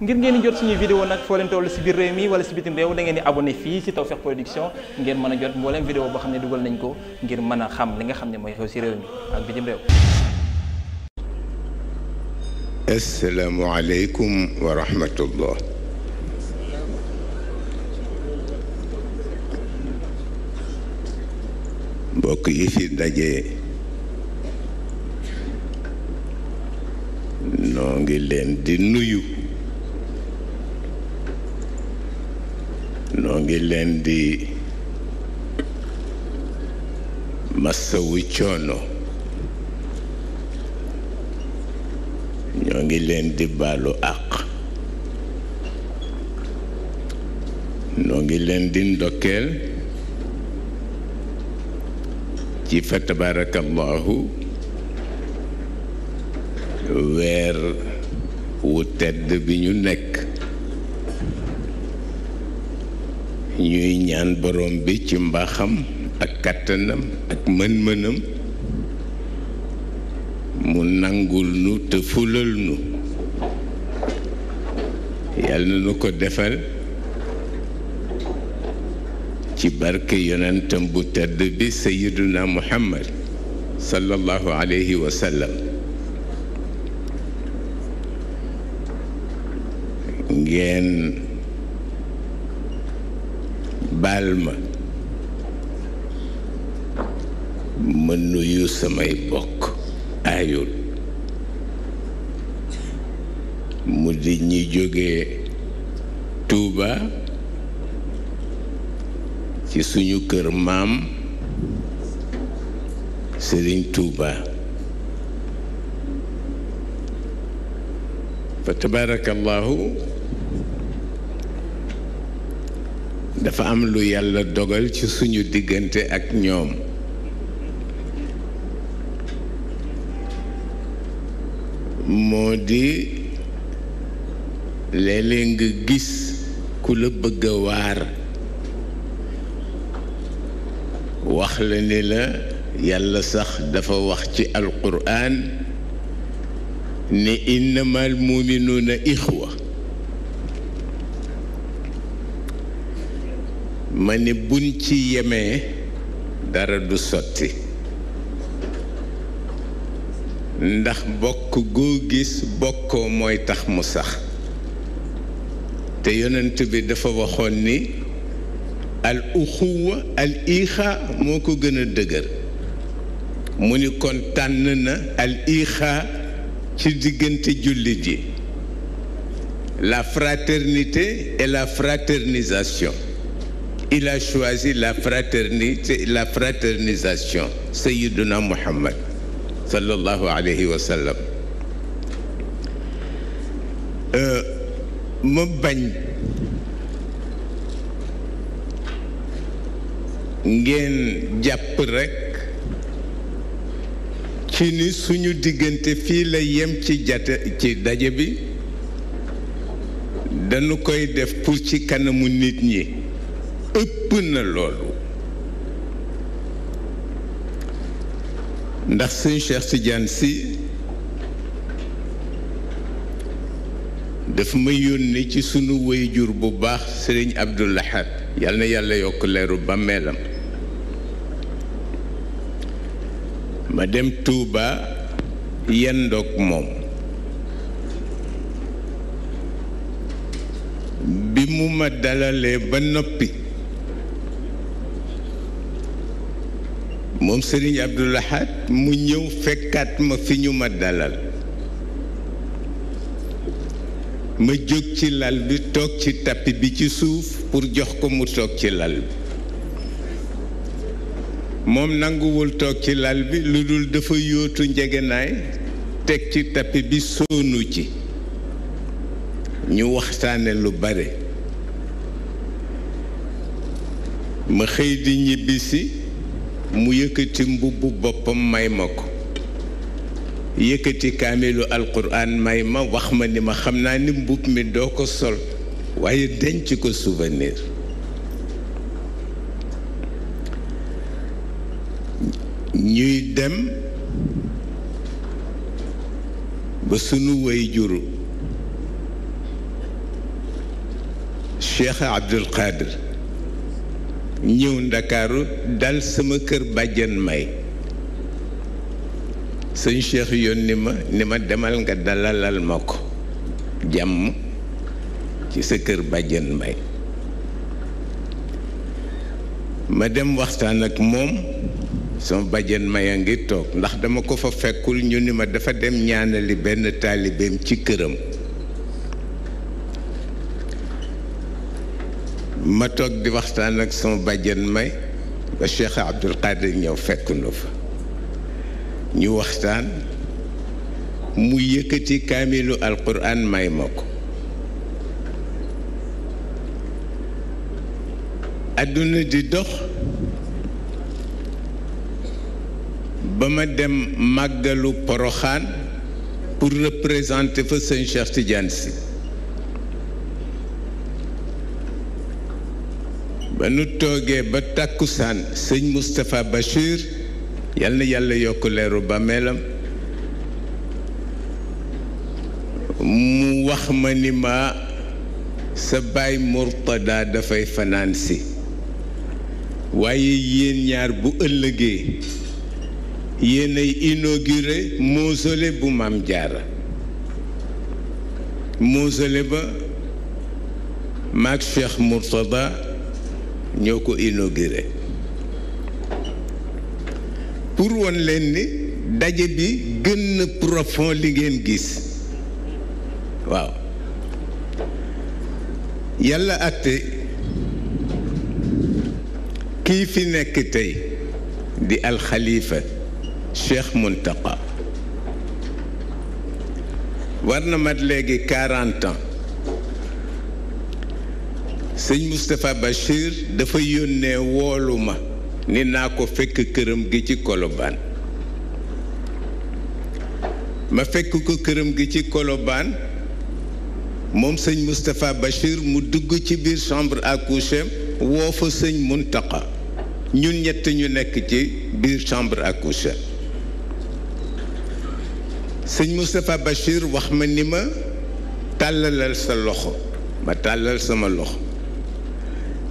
ngir ngeen di jot suñu vidéo nag foo leen toll si biir réew mi wala si bitim réew da ngeen di abonné fii si Tawfekh Production ngeen mën a jot mbooleem vidéo boo xam ne dugal nañ ko ngir mën a xam li nga xam ne mooy xew si réew mi ak bitim réew asalaamualeykum wa rahmatullah mbokk yi fi daje noo ngi leen di nuyu noo ngi leen di masawu coono ñoo ngi leen di baalu àq noo ngi leen di ndokkeel ci fa tabarakallahu weer wu tedd bi ñu nekk ñuy ñaan borom bi ci mbaxam ak kàttanam ak mën-mënam mu nangul nu te fulal nu yàlla nu ko defal ci barke yonentam bu tedd bi sayiduna muhammad sallallahu alayhi wa ngeen baal ma ma nuyu samay bokk aayul mu di ñi jóge Tuuba ci suñu kër maam Sëriñ Tuuba fa tabaarakallaahu dafa am lu yàlla dogal ci suñu diggante ak ñoom moo di léeg-léeg nga gis ku la bëgga waar wax la ni la yàlla sax dafa wax ci alquran ni innamal muminuuna ixwa ma ni buñ ci yemee dara du sotti ndax bokk goo gis bokkoo mooy tax mu sax te yonent bi dafa waxoon ni al uxuwa al ixa moo ko gën a dëgër mu ni kon tànn na al ixa ci diggante jullit yi la fraternité et la fraternisation il a choisi la fraternité, la fraternisation. Sayyiduna Muhammad, sallallahu alayhi wa euh, ma bañ ngeen jàpp rekk ci ni suñu diggante fii la yem ci jata ci daje bi dañu koy def pour ci kanamu nit ñi ëpp na loolu ndax sëñ Cheikh Tidiane Sy daf ma yónni ci sunu wayjur bu baax sëriñ Abdou Lahad yal na yàlla yokk leeru bàmmeelam ma dem Touba yendoog moom bi mu ma dalalee ba noppi moom Serigne Abdoul Ahad mu ñëw fekkaat ma fi ñu ma dalal ma jóg ci lal bi toog ci tappi bi ci suuf pour jox ko mu toog ci lal bi moom nanguwul toog ci lal bi lu dul dafa yootu njegenaay teg ci tappi bi soonu ci ñu waxtaane lu bare ma xëy di ñibbisi mu yëkkati mbubbu boppam may ma ko yëkkati kaamilu alquran may ma wax ma ni ma xam naa ni mbubb mi doo ko sol waaye denc ko souvenir ñuy dem ba sunu way juru Cheikh Abdul Qadir ñëw ndakaaru dal sama kër bàjjan may sëñ Cheikh yónni ma ni ma demal nga dalalal ma ko jàmm ci sa kër bàjjan may ma dem waxtaan ak moom sama bàjjan may a ngi toog ndax dama ko fa fekkul ñu ni ma dafa dem ñaanali benn taalibeem ci këram ma toog di waxtaan ak sama bàjjen may ba Cheikh Abdul Qadir ñëw fekk fa ñu waxtaan mu yëkkati kaamilu alquran may ma ko àdduna di dox ba ma dem màggalu poroxaan pour représenter fa sëñ Cheikh Tidiane si ba nu toogee ba tàkkusaan sëñ Moustapha Bachir yal yàlla yokk leeru bàmmeelam mu wax ma ni ma sa baay Mourtada dafay fanaan si waaye yéen ñaar bu ëllëgee gi inauguré mausolée bu Maam Jaara mausolée ba maag Cheikh Mourtada ñoo ko inauguré pour woon leen ni daje bi gën na profond li ngeen gis waaw yàlla àtte kii fi nekk tey di alxaliifa Cheikh Mountakha war na mat léegi quarante sëñ Moustapha Bachir dafa yónnee woolu ma ni naa ko fekk këram gi ci Colobane ma fekk ko këram gi ci kolobaan moom sëñ Moustapha Bachir mu dugg ci biir chambre à coucher woo fa sëñ Muntaqa ñun ñett ñu nekk ci biir chambre ak coucher sëñ Moustapha Bachir wax ma ni ma tàllalal sa loxo ma tàllal sama loxo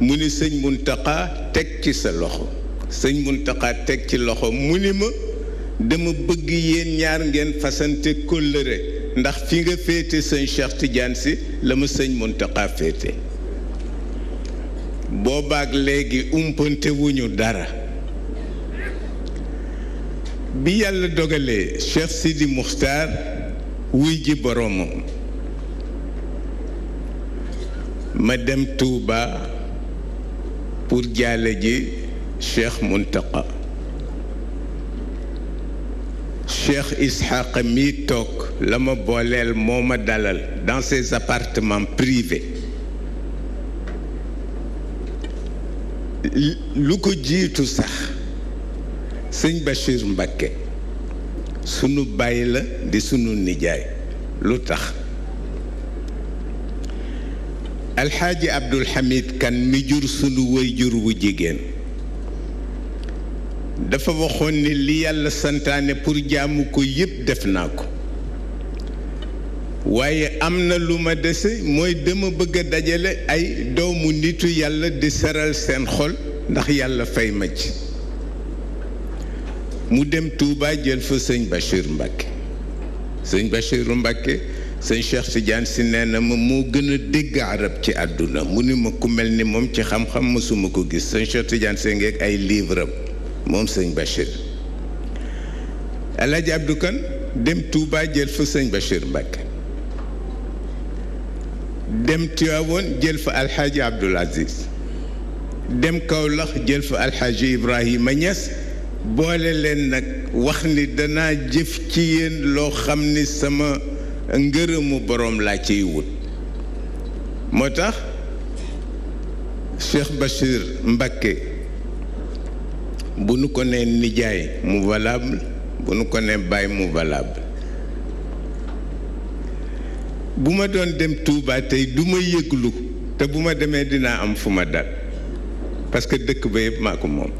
mu ni sëñ Muntaqa teg ci sa loxo sëñ Muntaqa teg ci loxo mu ni ma dama bëgg yéen ñaar ngeen fasante kóllëre ndax fi nga féete sëñ Cheikh Tidiane si la ma sëñ Muntaqa féete boobaak léegi umpante wuñu dara bi yàlla dogalee Cheikh Sidi Muxtaar wuy ji boroomam ma dem Tuuba pour jaale ji cheikh muntaqa cheikh isxaqa mii toog la ma booleel moo ma dalal dans ses appartements privés lu ko jiitu sax sëñ Bachir Mbakke sunu bàyyi la di sunu nijaay lu tax alxaaji abdul xamid kan mi jur sunu wëy jur bu jigéen dafa waxoon ni li yàlla santaane pour jaamu ko yépp def naa ko waaye am na lu ma dese mooy dama bëgg dajale ay doomu nitu yàlla di saral seen xol ndax yàlla fay ma ci mu dem tuuba jël fa sëñ Bachir Mbacke sëñ Bachir Mbacke sëñ Cheikh Tidiane si nee ma moo gën a dégg arab ci àdduna mu ni ma ku mel ni moom ci xam-xam masuma ko gis sëñ Cheikh Tidiane si ngeeg ay livre am moom sëñ Bachir El Hadj Abdou dem Touba jël fa sëñ Bachir dem Tivaouane jël fa Alxaaji Abdoul Aziz dem jël fa Alxaaji Ibrahima Niass boole leen nag wax ni danaa jëf ci yéen loo xam ni sama ngërëmu borom laa ciy wut moo tax Cheikh Bachir Mbacké bu nu ko nee nijaay mu valable bu nu ko nee baay mu valable bu ma doon dem tuubaa tey du ma yëglu te bu ma demee dinaa am fu ma dal parce que dëkk ba yëpp maa ko moom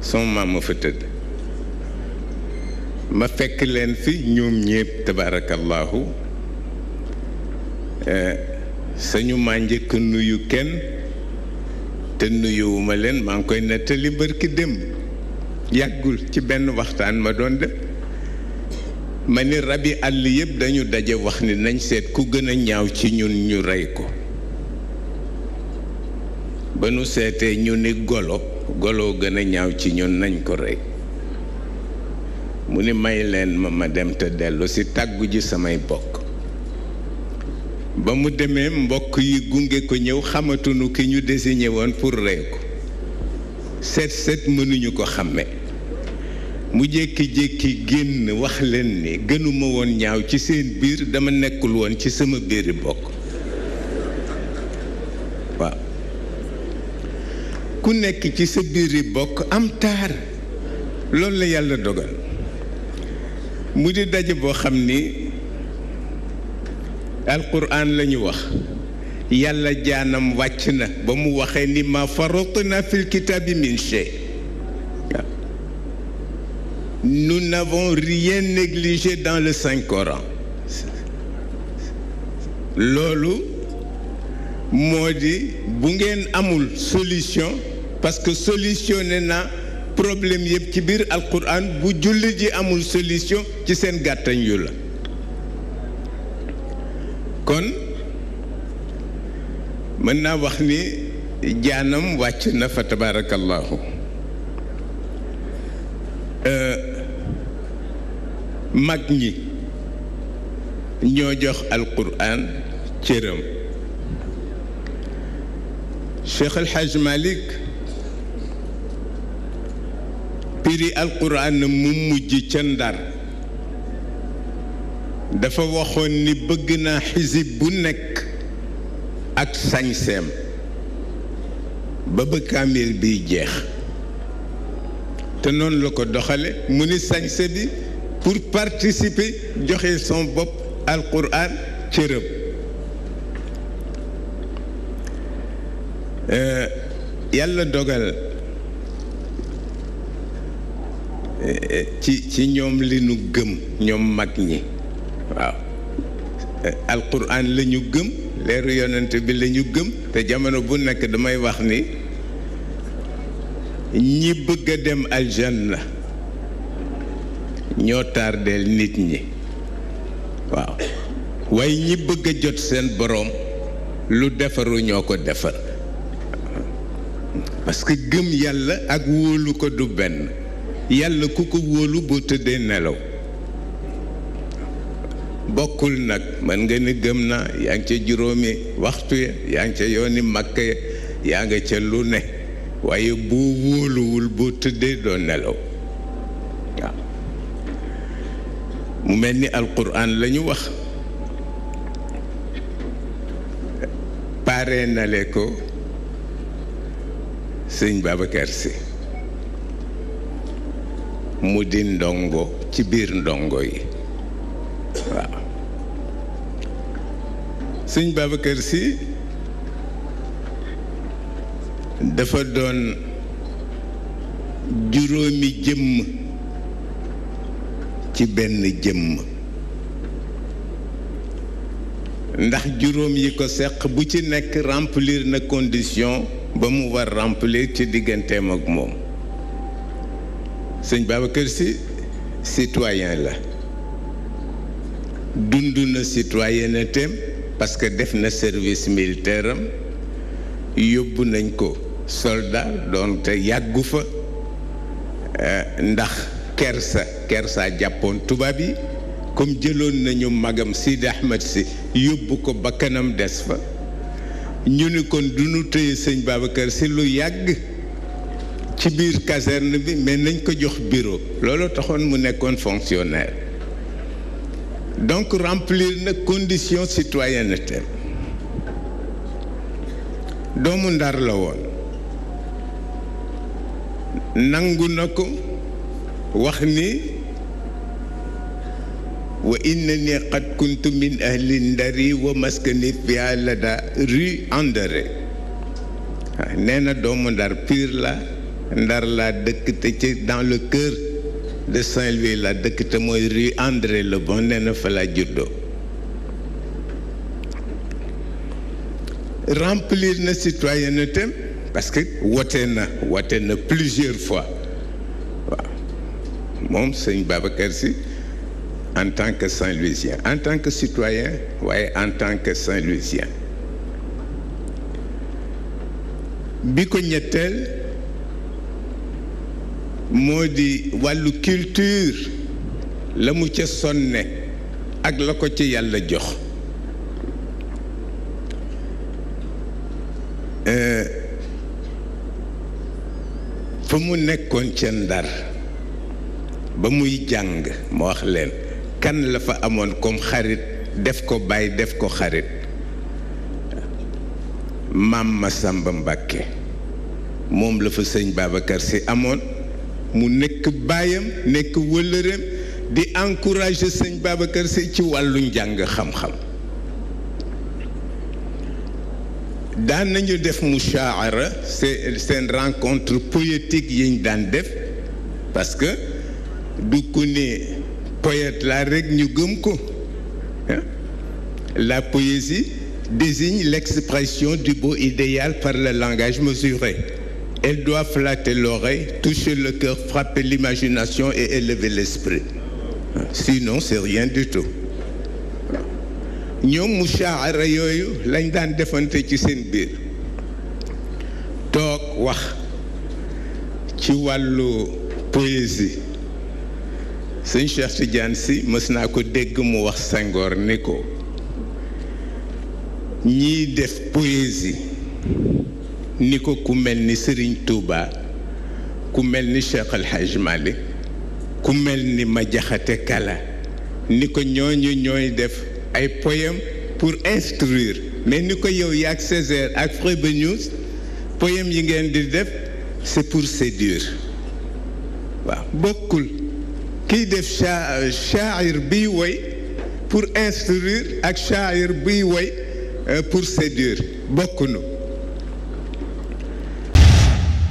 sama maam ma fa tëdd ma fekk leen fi ñoom ñépp tabaarakallaahu eh, sañu maa njëkk nuyu kenn te nuyuwuma leen maa ngi koy nettali bërki dem yàggul ci benn waxtaan ma doon def ma ni rabi àll yépp dañu daje wax ni nañ seet ku gën a ñaaw ci ñun ñu rey ko ba nu seetee ñu ni golo golo gën a ñaaw ci ñun nañ ko rey mu ne may leen ma ma dem te dellu si tàggu ji samay bokk ba mu demee mbokk yi gunge ko ñëw xamatunu ki ñu désigné woon pour rey ko seet seet mënuñu ko xàmme mu jékki-jékki génn wax leen ni gënuma woon ñaaw ci seen biir dama nekkul woon ci sama biiri bokk waaw ku nekk ci sa yi bokk am taar loolu la yàlla dogal mu di daje boo xam ni alquran la lañu wax yàlla jaanam wàcc na ba mu waxee ni ma faratna fil kitaabi min shay nous n'avons rien négligé dans le Saint Coran loolu moo di bu ngeen amul solution parce que solutionné na problème yépp ci biir alquran bu jullit ji amul solution ci seen gàttañ yu la kon mën naa wax ni jaanam wàcc na fa tabaarakallaahu euh, mag ñi ñoo jox alquran cëram Cheikh El Hadj firi alquran mu mujj ca ndar dafa waxoon ni bëgg naa xisib bu nekk ak sañseem ba ba kaamil biy jeex te noonu la ko doxale mu ni sañse bi pour participer joxe son bopp alquran cërëb euh, yàlla dogal ci ci ñoom li nu gëm ñoom mag ñi waaw alquran la gëm leeru yonent bi lañu ñu gëm te jamono bu nekk damay wax ni ñi bëgg dem dem aljanna ñoo tardeel nit ñi waaw waaye ñi bëgg jot seen boroom lu defaru ñoo ko defar parce gëm yàlla ak wóolu ko du benn yàlla ku ko wóolu boo tëddee nelaw bokkul nag mën nga ni gëm na yaa ca juróomi waxtu ya yaa ca yooni màkk ya yaa nga ca lu ne waaye boo wóoluwul boo tëddee doo nelaw mu mel ni alquran la ñu wax pare nale ko sëñ Babacar Sy mu di ndongo ci biir ndongo yi waaw sëñ Babacar Sy dafa doon juróomi jëmm ci benn jëmm ndax juróom yi ko seq bu ci nekk remplir na condition ba mu war remplir ci digganteem ak moom sëñ Babacar Sy citoyen la dund na citoyenneté parce que def na service militaire am yóbbu nañ ko soldat doon yàggu fa eh, ndax kersa kersa jàppoon tubaab yi comme jëloon nañu magam Sidi Ahmed si yóbbu ko bakkanam des fa ñu ni kon du nu tëye sëñ Babacar si lu yàgg ci biir caserne bi mais nañ ko jox bureau loolu taxoon mu nekkoon fonctionnaire donc remplir na condition citoyenneté doomu ndar la woon nangu na ko wax ni wa innani qad kuntu min ahli ndari wa maskani fiha lada rue André ah, nee doomu ndar pire la ndar la dëkk te ci dans le cœur de Saint-Louis la dëkk te mooy rue André Le Bon nee na fa laa juddoo remplir na citoyenneté parce que wote na wote na plusieurs fois waaw moom sëñ Babacar Sy en tant que Saint-Louisien en tant que citoyen waaye en tant que Saint-Louisien bi ko ñetteel moo di wàllu culture la mu ca sonne ak la ko ci yàlla jox euh, fa mu nekkoon ca ndar ba muy jàng ma wax leen kan la fa amoon comme xarit def ko bàyyi def ko xarit maam Masamba Mbàkke moom la fa sëñ Babacar Si amoon mu nekk baayam nekk wëllëreem di encouragé sëñ Babacar ci wàllu njàng xam-xam daan nañu def mushaara seen rencontre poétique yi ñu daan def parce que du ko ne poète la rek ñu gëm ko la poésie désigne l'expression du beau idéal par le langage mesuré Elle doit flatter l'oreille, toucher le cœur, frapper l'imagination et élever l'esprit. Sinon, c'est rien du tout. ñoom mushaara yooyu lañ daan defante ci seen biir toog wax ci wàllu poésie sëñ Cheikh Tidiane si mës naa ko dégg mu wax Senghor ni ko ñiy def poésie ni ko ku mel ni Serigne Touba ku mel ni Cheikh Al Hadj ku mel ni ma jaxate kala ni ko ñooñu ñooy def ay poème pour instruire mais ni ko yow yaak Césaire ak ba Frobenius poème yi ngeen di def c'est pour séduire waaw bokkul kiy def cha chair biy woy pour instruire ak chair biy woy euh, pour séduire bokk